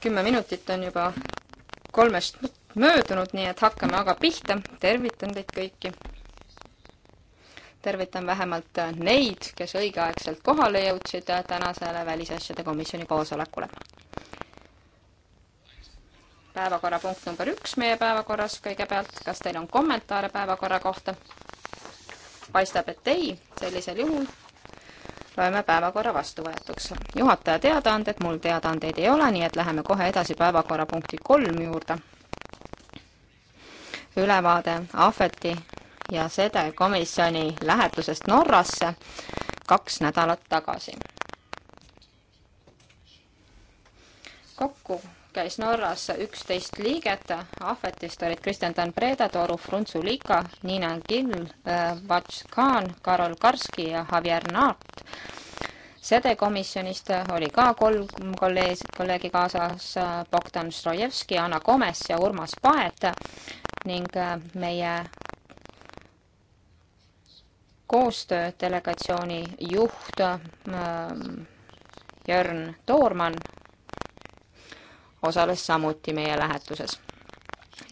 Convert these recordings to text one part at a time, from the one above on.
kümme minutit on juba kolmest möödunud, nii et hakkame aga pihta. tervitan teid kõiki. tervitan vähemalt neid, kes õigeaegselt kohale jõudsid tänasele Välisasjade Komisjoni koosolekule. päevakorrapunkt number üks meie päevakorras kõigepealt. kas teil on kommentaare päevakorra kohta? paistab, et ei. sellisel juhul loeme päevakorra vastuvõetuks. juhataja teadaanded, mul teadaandeid ei ole, nii et läheme kohe edasi päevakorrapunkti kolm juurde. ülevaade Ahveti ja Sede komisjoni lähetusest Norrasse kaks nädalat tagasi. kokku käis Norras üksteist liiget, ahvetist olid Kristjan Dan Breda, Toru Frunzulika, Nina Gill, äh, Vats Khan, Karol Karski ja Javier Naart. Sede komisjonist oli ka kolm kolleeg, kolleegi kaasas Bogdan Strojevski, Anna Komes ja Urmas Paet ning äh, meie koostöödelegatsiooni juht ähm, Jörn Toormann osales samuti meie lähetuses.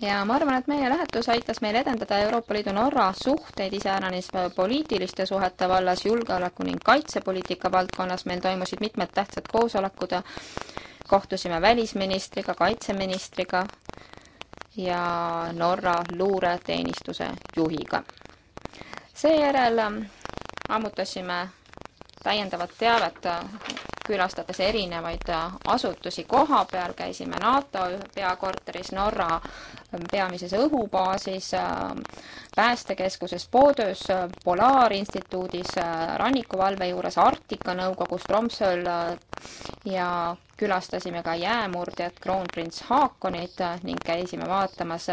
ja ma arvan, et meie lähetus aitas meil edendada Euroopa Liidu Norra suhteid iseäranis poliitiliste suhete vallas, julgeoleku ning kaitsepoliitika valdkonnas, meil toimusid mitmed tähtsad koosolekud, kohtusime välisministriga, kaitseministriga ja Norra luureteenistuse juhiga. seejärel ammutasime täiendavat teavet külastades erinevaid äh, asutusi koha peal, käisime NATO peakorteris, Norra ähm, peamises õhubaasis, ähm, päästekeskuses Poodöös, äh, Polaarinstituudis, äh, rannikuvalve juures, Arktika nõukogus Tromsöl ja külastasime ka jäämurdjat Kroonprints Haakonit ning käisime vaatamas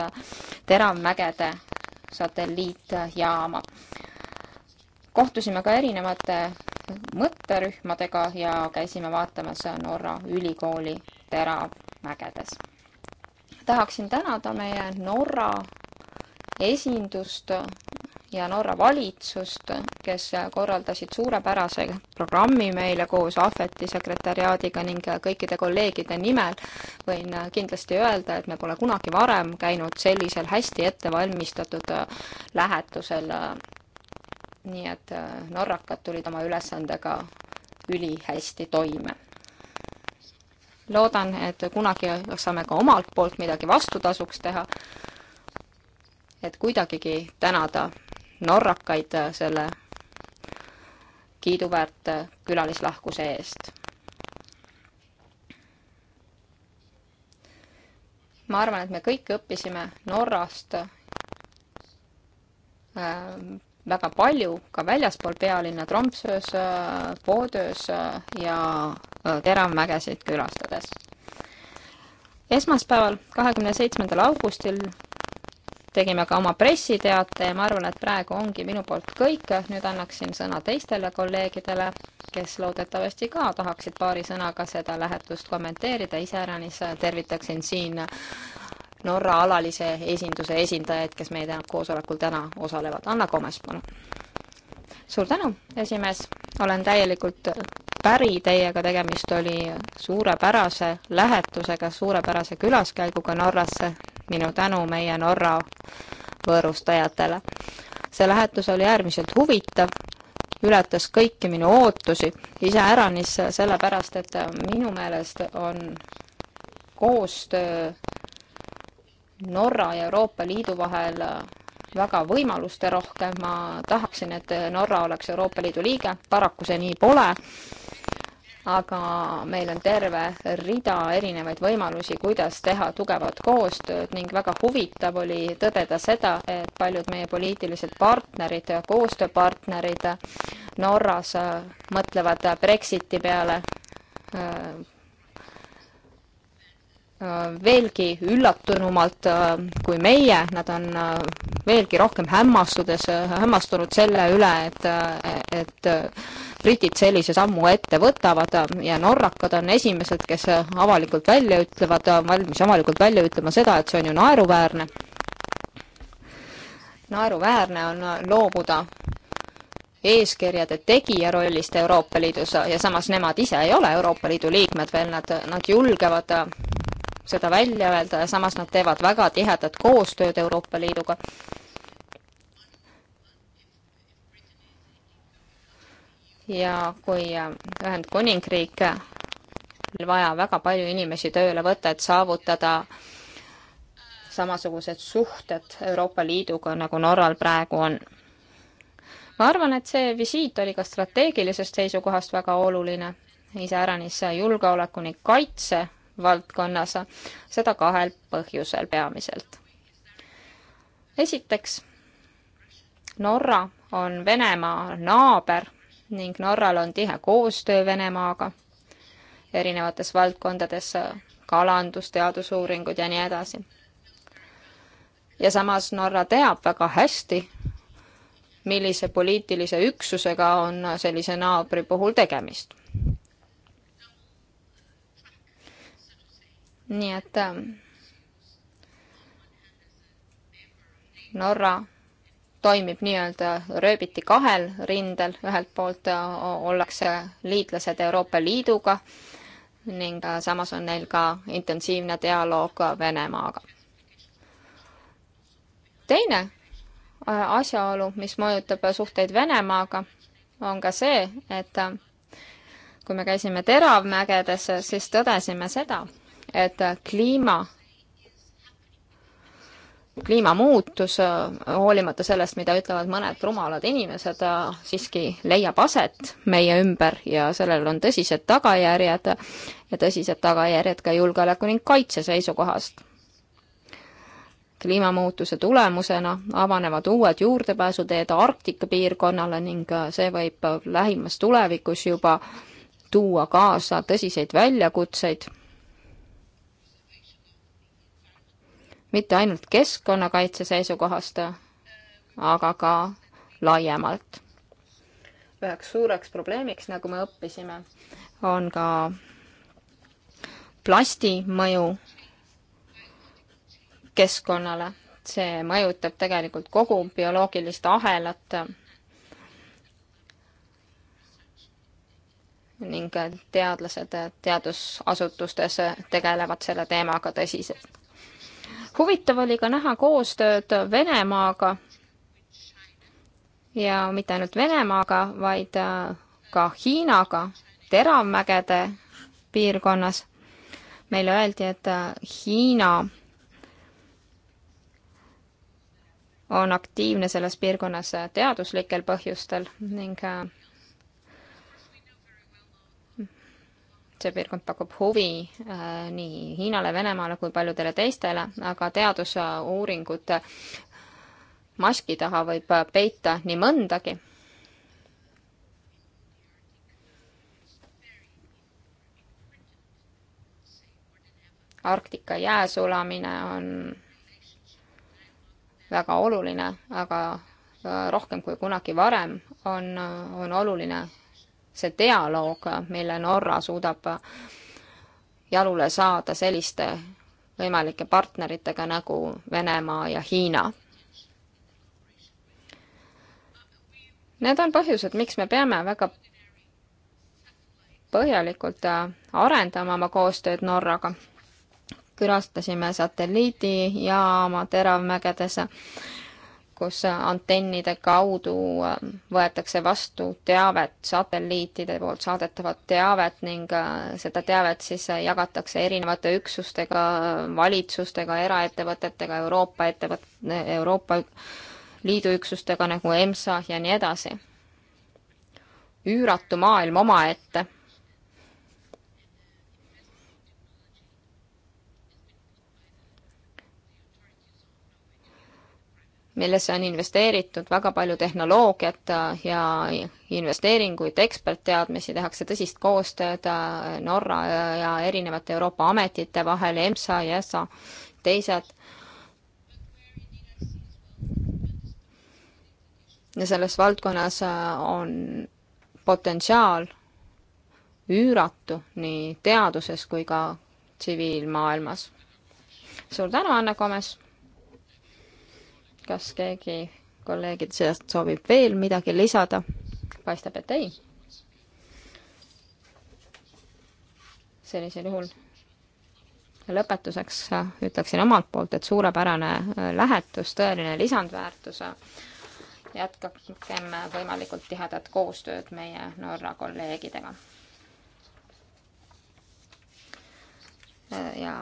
Teravmägede satelliitjaama kohtusime ka erinevate mõtterühmadega ja käisime vaatamas Norra ülikooli Teramägedes. tahaksin tänada meie Norra esindust ja Norra valitsust, kes korraldasid suurepärase programmi meile koos Ahveti sekretäriaadiga ning kõikide kolleegide nimel võin kindlasti öelda, et me pole kunagi varem käinud sellisel hästi ettevalmistatud lähetusel nii et äh, norrakad tulid oma ülesandega ülihästi toime. loodan, et kunagi saame ka omalt poolt midagi vastutasuks teha, et kuidagigi tänada norrakaid äh, selle kiiduväärt äh, külalislahkuse eest. ma arvan, et me kõik õppisime Norrast väga palju ka väljaspool pealinna Tromsös, äh, Poodöös äh, ja äh, teravmägesid külastades. esmaspäeval, kahekümne seitsmendal augustil tegime ka oma pressiteate ja ma arvan, et praegu ongi minu poolt kõik, nüüd annaksin sõna teistele kolleegidele, kes loodetavasti ka tahaksid paari sõnaga seda lähetust kommenteerida, iseäranis tervitaksin siin Norra alalise esinduse esindajaid, kes meie täna koosolekul täna osalevad. Anna Komes, palun. suur tänu, esimees, olen täielikult päri teiega, tegemist oli suurepärase lähetusega, suurepärase külaskäiguga Norrasse. minu tänu meie Norra võõrustajatele. see lähetus oli äärmiselt huvitav, ületas kõiki minu ootusi, iseäranis sellepärast, et minu meelest on koostöö Norra ja Euroopa Liidu vahel äh, väga võimalusterohke, ma tahaksin, et äh, Norra oleks Euroopa Liidu liige, paraku see nii pole aga meil on terve rida erinevaid võimalusi, kuidas teha tugevat koostööd ning väga huvitav oli tõdeda seda, et paljud meie poliitilised partnerid, koostööpartnerid Norras äh, mõtlevad Brexiti peale Äh, veelgi üllatunumalt äh, kui meie, nad on äh, veelgi rohkem hämmastudes, hämmastunud selle üle, et, et britid sellise sammu ette võtavad ja norrakad on esimesed, kes avalikult välja ütlevad, valmis avalikult välja ütlema seda, et see on ju naeruväärne. naeruväärne on loobuda eeskirjade tegija rollist Euroopa Liidus ja samas nemad ise ei ole Euroopa Liidu liikmed veel, nad, nad julgevad seda välja öelda ja samas nad teevad väga tihedat koostööd Euroopa Liiduga. ja kui Ühendkuningriik vaja väga palju inimesi tööle võtta, et saavutada samasugused suhted Euroopa Liiduga, nagu Norral praegu on. ma arvan, et see visiit oli ka strateegilisest seisukohast väga oluline, iseäranis julgeoleku ning kaitse valdkonnas, seda kahel põhjusel peamiselt. esiteks, Norra on Venemaa naaber ning Norral on tihe koostöö Venemaaga erinevates valdkondades, kalandus, teadusuuringud ja nii edasi. ja samas Norra teab väga hästi, millise poliitilise üksusega on sellise naabri puhul tegemist nii et ähm, Norra toimib nii-öelda rööbiti kahel rindel, ühelt poolt äh, ollakse liitlased Euroopa Liiduga ning äh, samas on neil ka intensiivne dialoog Venemaaga. teine äh, asjaolu, mis mõjutab suhteid Venemaaga, on ka see, et kui me käisime Teravmägedes, siis tõdesime seda, et kliima kliimamuutus, hoolimata sellest, mida ütlevad mõned rumalad inimesed, siiski leiab aset meie ümber ja sellel on tõsised tagajärjed ja tõsised tagajärjed ka julgeoleku ning kaitse seisukohast. kliimamuutuse tulemusena avanevad uued juurdepääsuteed Arktika piirkonnale ning see võib lähimas tulevikus juba tuua kaasa tõsiseid väljakutseid mitte ainult keskkonnakaitse seisukohast, aga ka laiemalt. üheks suureks probleemiks, nagu me õppisime, on ka plasti mõju keskkonnale. see mõjutab tegelikult kogu bioloogilist ahelat ning teadlased teadusasutustes tegelevad selle teemaga tõsiselt huvitav oli ka näha koostööd Venemaaga ja mitte ainult Venemaaga, vaid äh, ka Hiinaga teravmägede piirkonnas. meile öeldi, et äh, Hiina on aktiivne selles piirkonnas teaduslikel põhjustel ning äh, see piirkond pakub huvi äh, nii Hiinale, Venemaale kui paljudele teistele, aga teadusuuringute maski taha võib peita nii mõndagi. Arktika jää sulamine on väga oluline, aga äh, rohkem kui kunagi varem on, on oluline see dialoog, mille Norra suudab jalule saada selliste võimalike partneritega nagu Venemaa ja Hiina. Need on põhjused, miks me peame väga põhjalikult arendama oma koostööd Norraga. külastasime satelliidijaama teravmägedes kus antennide kaudu äh, võetakse vastu teavet, satelliitide poolt saadetavat teavet ning äh, seda teavet siis äh, jagatakse erinevate üksustega, valitsustega, eraettevõtetega, Euroopa ettevõt-, Euroopa Liidu üksustega nagu EMSA ja nii edasi. üüratu maailm omaette millesse on investeeritud väga palju tehnoloogiat äh, ja investeeringuid, ekspertteadmisi, tehakse tõsist koostööd äh, Norra äh, ja erinevate Euroopa ametite vahel, EMSA ja ESA, teised. ja selles valdkonnas on potentsiaal üüratu nii teaduses kui ka tsiviilmaailmas. suur tänu, Anne Komes! kas keegi kolleegide seast soovib veel midagi lisada? paistab, et ei. sellisel juhul lõpetuseks ütleksin omalt poolt, et suurepärane lähetus, tõeline lisandväärtus. jätkakem võimalikult tihedat koostööd meie Norra kolleegidega. ja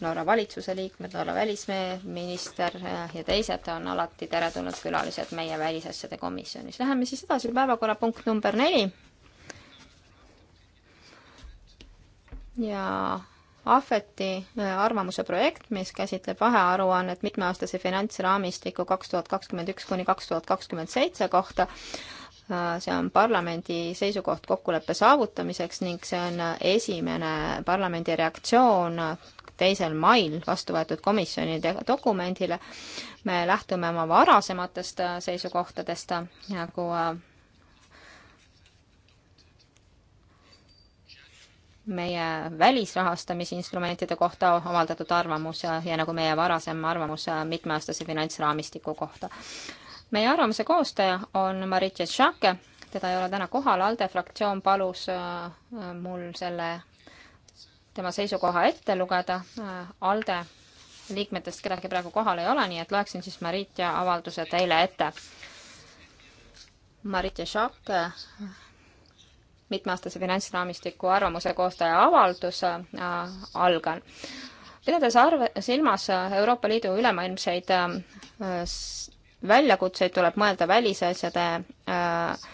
Norra valitsuse liikmed, Norra välisminister ja teised on alati teretulnud külalised meie välisasjade komisjonis. Läheme siis edasi, päevakorrapunkt number neli. ja Ahveti äh, arvamuse projekt, mis käsitleb vahearuannet mitmeaastase finantsraamistiku kaks tuhat kakskümmend üks kuni kaks tuhat kakskümmend seitse kohta. Äh, see on parlamendi seisukoht kokkuleppe saavutamiseks ning see on esimene parlamendi reaktsioon teisel mail vastu võetud komisjoni dokumendile. me lähtume oma varasematest äh, seisukohtadest nagu äh, meie välisrahastamisinstrumentide kohta avaldatud arvamus ja, ja nagu meie varasem arvamus äh, mitmeaastase finantsraamistiku kohta. meie arvamuse koostaja on Maritja Šake, teda ei ole täna kohal, ALDE fraktsioon palus mul selle tema seisukoha ette lugeda. ALDE liikmetest kedagi praegu kohal ei ole, nii et loeksin siis Maritja avalduse teile ette. Maritja Šak, mitmeaastase finantsraamistiku arvamuse koostaja avaldus, äh, algan. pidades arve, silmas Euroopa Liidu ülemaailmseid äh, väljakutseid, tuleb mõelda välisasjade äh,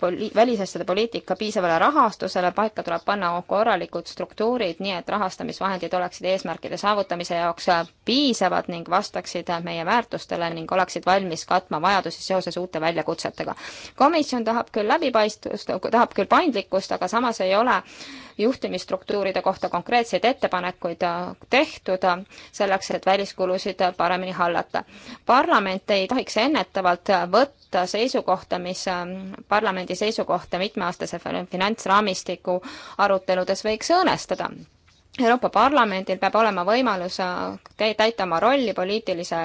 poli-, välisasjade poliitika piisavale rahastusele, paika tuleb panna korralikud struktuurid, nii et rahastamisvahendid oleksid eesmärkide saavutamise jaoks piisavad ning vastaksid meie väärtustele ning oleksid valmis katma vajadusi seoses uute väljakutsetega. komisjon tahab küll läbipaistvust, tahab küll paindlikkust, aga samas ei ole juhtimisstruktuuride kohta konkreetseid ettepanekuid tehtud selleks, et väliskulusid paremini hallata. parlament ei tohiks ennetavalt võtta seisukohta, mis parlamendi Parlamendi seisukohta mitmeaastase finantsraamistiku aruteludes võiks õõnestada. Euroopa Parlamendil peab olema võimalus äh, täita oma rolli poliitilise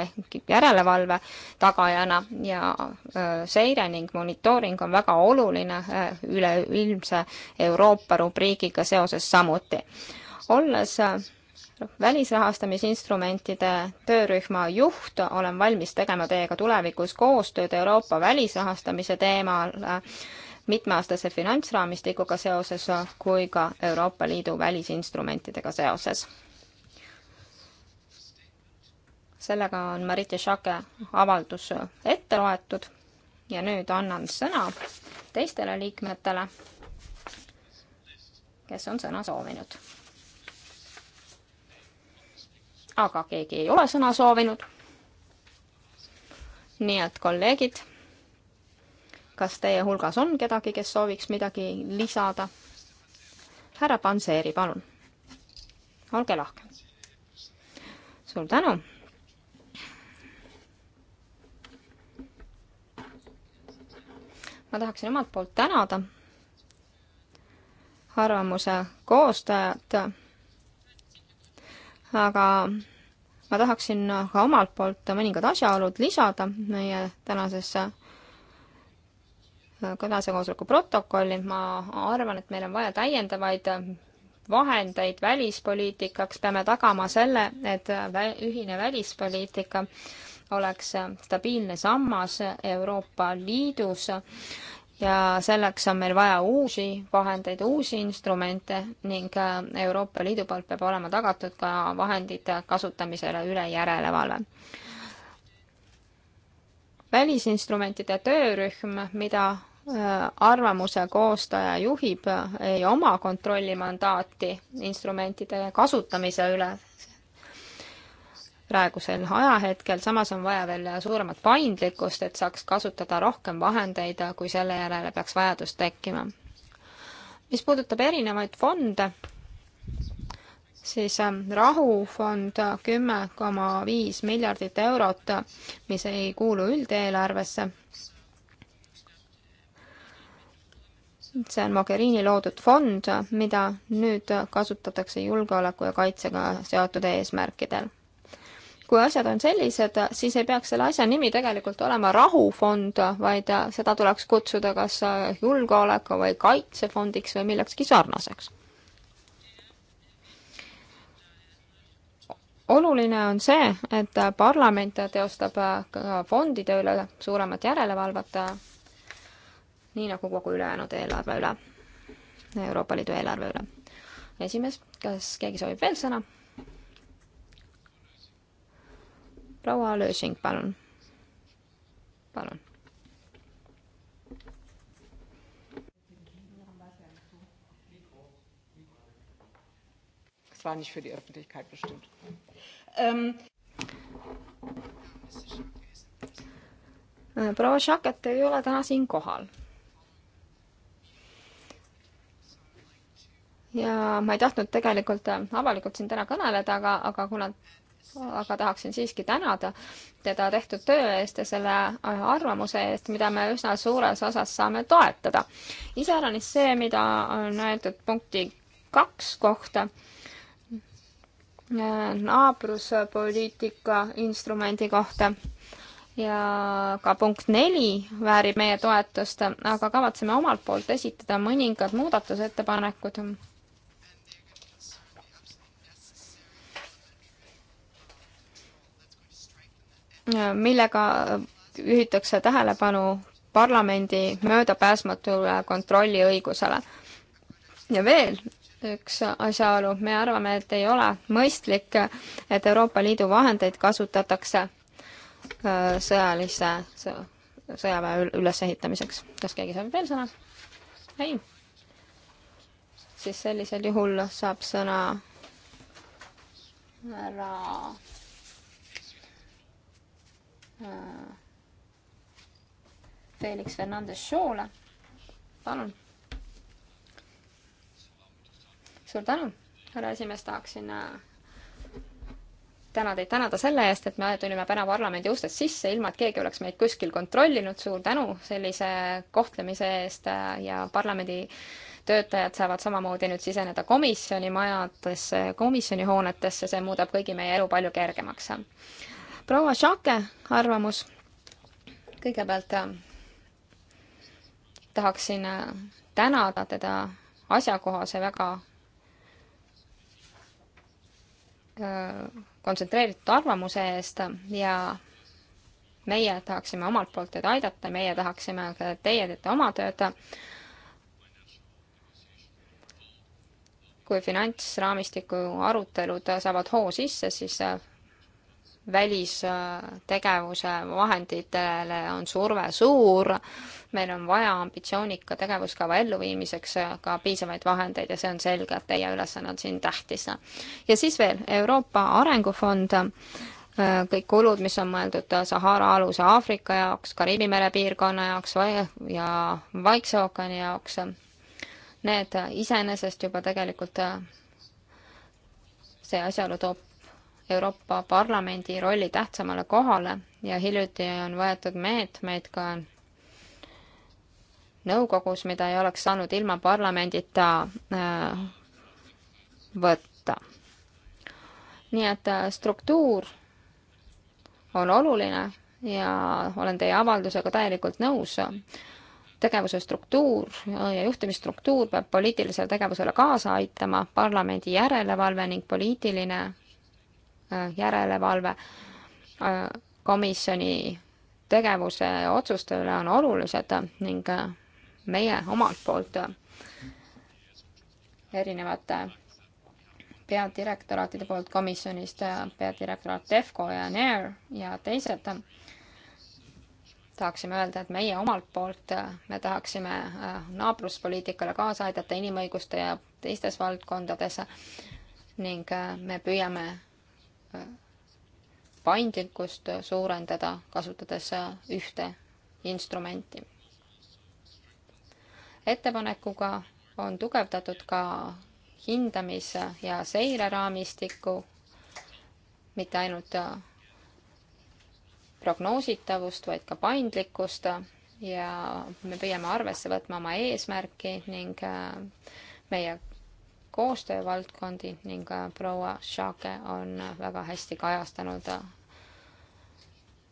järelevalve tagajana ja äh, seire ning monitooring on väga oluline äh, üleilmse Euroopa rubriigiga seoses samuti. olles Noh, välisrahastamisinstrumentide töörühma juht, olen valmis tegema teiega tulevikus koostööd Euroopa välisrahastamise teemal, mitmeaastase finantsraamistikuga seoses kui ka Euroopa Liidu välisinstrumentidega seoses. sellega on Marite Šake avaldus ette loetud ja nüüd annan sõna teistele liikmetele, kes on sõna soovinud aga keegi ei ole sõna soovinud. nii et kolleegid, kas teie hulgas on kedagi, kes sooviks midagi lisada? härra Panseri, palun. olge lahke. suur tänu. ma tahaksin omalt poolt tänada arvamuse koostajat aga ma tahaksin ka omalt poolt mõningad asjaolud lisada meie tänasesse tänase koosoleku protokolli, ma arvan, et meil on vaja täiendavaid vahendeid välispoliitikaks, peame tagama selle, et ühine välispoliitika oleks stabiilne sammas Euroopa Liidus ja selleks on meil vaja uusi vahendeid, uusi instrumente ning äh, Euroopa Liidu poolt peab olema tagatud ka vahendite kasutamisele üle järelevalve. välisinstrumentide töörühm, mida äh, arvamuse koostaja juhib, äh, ei oma kontrollimandaati instrumentide kasutamise üle praegusel ajahetkel, samas on vaja veel suuremat paindlikkust, et saaks kasutada rohkem vahendeid, kui selle järele peaks vajadus tekkima. mis puudutab erinevaid fonde, siis ähm, rahufond äh, kümme koma viis miljardit eurot, äh, mis ei kuulu üldeelarvesse, see on Mogherini loodud fond, äh, mida nüüd kasutatakse julgeoleku ja kaitsega seotud eesmärkidel kui asjad on sellised, siis ei peaks selle asja nimi tegelikult olema rahufond, vaid seda tuleks kutsuda kas julgeoleku või kaitsefondiks või millekski sarnaseks. oluline on see, et parlament teostab ka fondide üle suuremat järelevalvet, nii nagu kogu ülejäänud eelarve üle, Euroopa Liidu eelarve üle. esimees, kas keegi soovib veel sõna? proua Lösing, palun. palun. war nicht für die Öffentlichkeit bestimmt. Ähm äh, proua Šaket ei ole täna siin kohal. ja ma ei tahtnud tegelikult äh, avalikult siin täna kõneleda, aga, aga kuna aga tahaksin siiski tänada teda tehtud töö eest ja selle arvamuse eest, mida me üsna suures osas saame toetada. iseäranis see, mida on öeldud punkti kaks kohta, äh, naabruspoliitika instrumendi kohta ja ka punkt neli väärib meie toetust, aga kavatseme omalt poolt esitada mõningad muudatusettepanekud millega juhitakse tähelepanu parlamendi möödapääsmatule kontrolliõigusele. ja veel üks asjaolu, me arvame, et ei ole mõistlik, et Euroopa Liidu vahendeid kasutatakse äh, sõjalise, sõjaväe ülesehitamiseks. kas keegi soovib veel sõna? ei? siis sellisel juhul saab sõna härra Äh, Felix Fernandes Shaw'le. palun. suur tänu, härra esimees, tahaksin äh, täna teid tänada selle eest, et me tulime täna parlamendi ustest sisse, ilma et keegi oleks meid kuskil kontrollinud. suur tänu sellise kohtlemise eest äh, ja parlamendi töötajad saavad samamoodi nüüd siseneda komisjoni majadesse, komisjoni hoonetesse, see muudab kõigi meie elu palju kergemaks proua Šake arvamus. kõigepealt äh, tahaksin äh, tänada teda asjakohase väga äh, kontsentreeritud arvamuse eest ja meie tahaksime omalt poolt teid aidata, meie tahaksime, et teie teete oma tööd. kui finantsraamistiku arutelud saavad hoo sisse, siis välistegevuse vahenditele on surve suur, meil on vaja ambitsioonika tegevuskava elluviimiseks ka piisavaid vahendeid ja see on selge, et teie ülesanne on siin tähtis. ja siis veel Euroopa Arengufond, kõik kulud, mis on mõeldud Sahara aluse Aafrika jaoks, Kariibi mere piirkonna jaoks ja Vaikse ookeani jaoks, need iseenesest juba tegelikult see asjaolu toob Euroopa Parlamendi rolli tähtsamale kohale ja hiljuti on võetud meetmeid ka nõukogus, mida ei oleks saanud ilma parlamendita äh, võtta. nii et äh, struktuur on oluline ja olen teie avaldusega täielikult nõus. tegevuse struktuur ja juhtimisstruktuur peab poliitilisele tegevusele kaasa aitama, parlamendi järelevalve ning poliitiline Äh, järelevalve äh, komisjoni tegevuse otsuste üle on olulised ning äh, meie omalt poolt erinevate peadirektoraatide poolt komisjonist, peadirektoraat Defco ja NER ja teised, tahaksime öelda, et meie omalt poolt, me tahaksime naabruspoliitikale kaasa aidata inimõiguste ja teistes valdkondades ning me püüame paindlikkust suurendada, kasutades ühte instrumenti. ettepanekuga on tugevdatud ka hindamis- ja seireraamistikku, mitte ainult prognoositavust, vaid ka paindlikkust ja me püüame arvesse võtma oma eesmärki ning meie koostöövaldkondi ning äh, proua Šake on väga hästi kajastanud äh,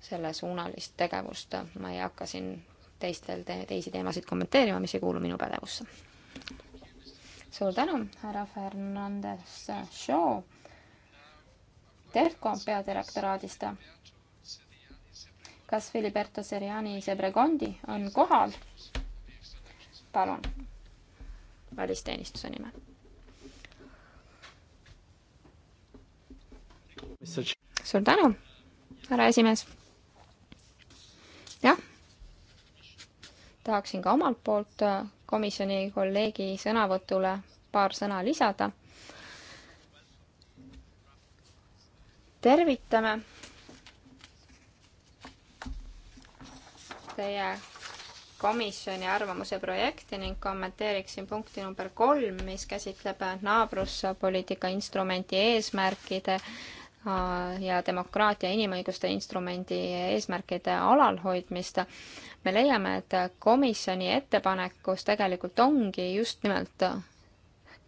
sellesuunalist tegevust. ma ei hakka siin teistel te, teisi teemasid kommenteerima, mis ei kuulu minu pädevusse. suur tänu, härra Fernandes Show Delco peadirektoraadist. kas Filiberto Seriani Sebregondi on kohal? palun, välisteenistuse nimel suur tänu, härra esimees. jah, tahaksin ka omalt poolt äh, komisjoni kolleegi sõnavõtule paar sõna lisada. tervitame teie komisjoni arvamuse projekti ning kommenteeriksin punkti number kolm, mis käsitleb naabruspoliitika instrumenti eesmärkide ja demokraatia inimõiguste instrumendi eesmärkide alalhoidmist, me leiame, et komisjoni ettepanekus tegelikult ongi just nimelt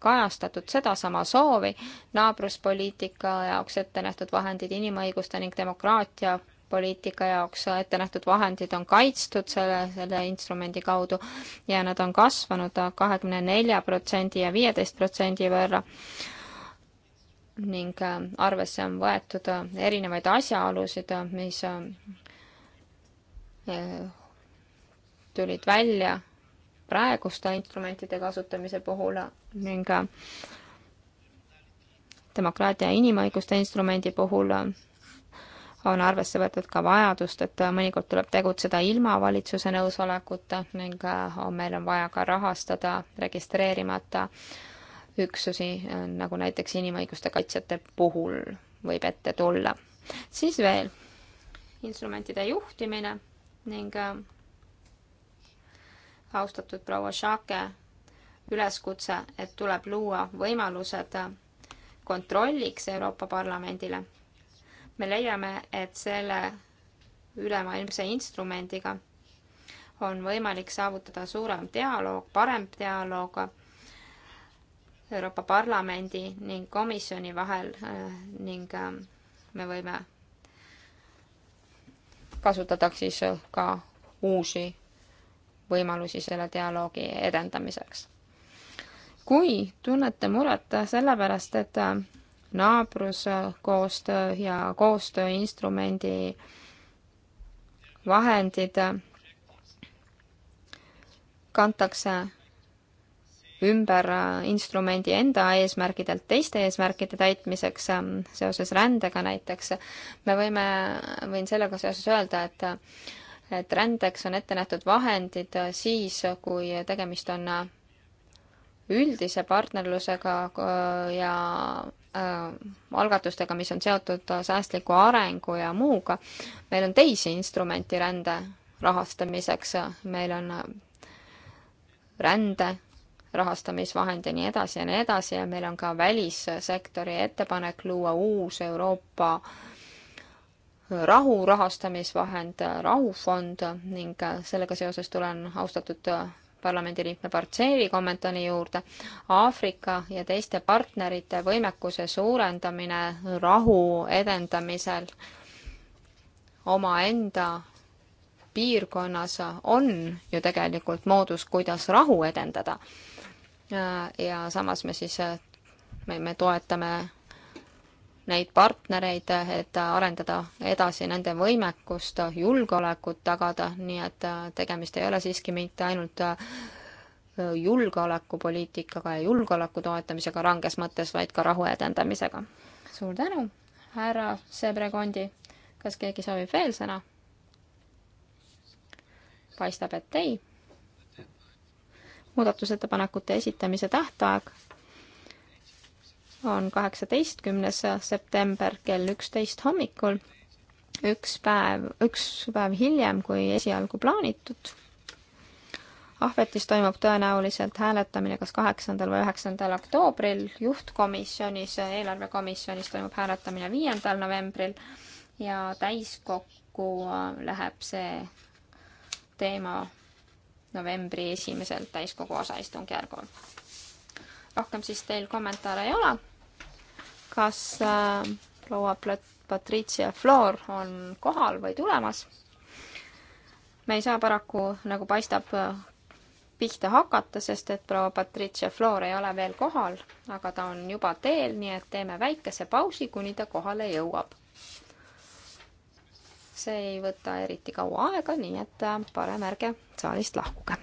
kajastatud sedasama soovi naabruspoliitika jaoks ette nähtud vahendid inimõiguste ning demokraatia poliitika jaoks ette nähtud vahendid on kaitstud selle, selle instrumendi kaudu ja nad on kasvanud kahekümne nelja protsendi ja viieteist protsendi võrra ning äh, arvesse on võetud äh, erinevaid asjaolusid, äh, mis tulid välja praeguste instrumentide kasutamise puhul ning demokraatia ja inimõiguste instrumendi puhul on arvesse võetud ka vajadust, et mõnikord tuleb tegutseda ilma valitsuse nõusolekuta ning on, meil on vaja ka rahastada registreerimata äh, üksusi, äh, nagu näiteks inimõiguste kaitsjate puhul võib ette tulla. siis veel instrumentide juhtimine ning äh, austatud proua Šake üleskutse, et tuleb luua võimalused äh, kontrolliks Euroopa Parlamendile. me leiame, et selle ülemaailmse instrumendiga on võimalik saavutada suurem dialoog, parem dialoog Euroopa Parlamendi ning komisjoni vahel äh, ning äh, me võime kasutada siis äh, ka uusi võimalusi selle dialoogi edendamiseks. kui tunnete muret selle pärast, et naabruskoostöö ja koostööinstrumendi vahendid kantakse ümber äh, instrumendi enda eesmärgidelt teiste eesmärkide täitmiseks ähm, seoses rändega näiteks, me võime, võin sellega seoses öelda, et et rändeks on ette nähtud vahendid äh, siis, kui tegemist on äh, üldise partnerlusega ja algatustega, mis on seotud säästliku arengu ja muuga. meil on teisi instrumenti rände rahastamiseks, meil on rände rahastamisvahend ja nii edasi ja nii edasi ja meil on ka välissektori ettepanek luua uus Euroopa rahu rahastamisvahend, rahufond ning sellega seoses tulen austatud parlamendiliikme Partseeri kommentaari juurde. Aafrika ja teiste partnerite võimekuse suurendamine rahu edendamisel omaenda piirkonnas on ju tegelikult moodus, kuidas rahu edendada ja samas me siis, äh, me, me toetame neid partnereid, et arendada edasi nende võimekust julgeolekut tagada, nii et äh, tegemist ei ole siiski mitte ainult äh, julgeolekupoliitikaga ja julgeoleku toetamisega ranges mõttes, vaid ka rahu edendamisega. suur tänu, härra Sebrekondi. kas keegi soovib veel sõna? paistab, et ei muudatusettepanekute esitamise tähtaeg on kaheksateistkümnes september kell üksteist hommikul, üks päev, üks päev hiljem kui esialgu plaanitud. ahvetis toimub tõenäoliselt hääletamine kas kaheksandal või üheksandal oktoobril, juhtkomisjonis, eelarvekomisjonis toimub hääletamine viiendal novembril ja täiskokku läheb see teema novembri esimesel täiskogu osaistungjärgul. rohkem siis teil kommentaare ei ole. kas äh, proua Patricia Floor on kohal või tulemas? me ei saa paraku, nagu paistab, pihta hakata, sest et proua Patricia Floor ei ole veel kohal, aga ta on juba teel, nii et teeme väikese pausi, kuni ta kohale jõuab see ei võta eriti kaua aega, nii et äh, parem ärge saalist lahkuge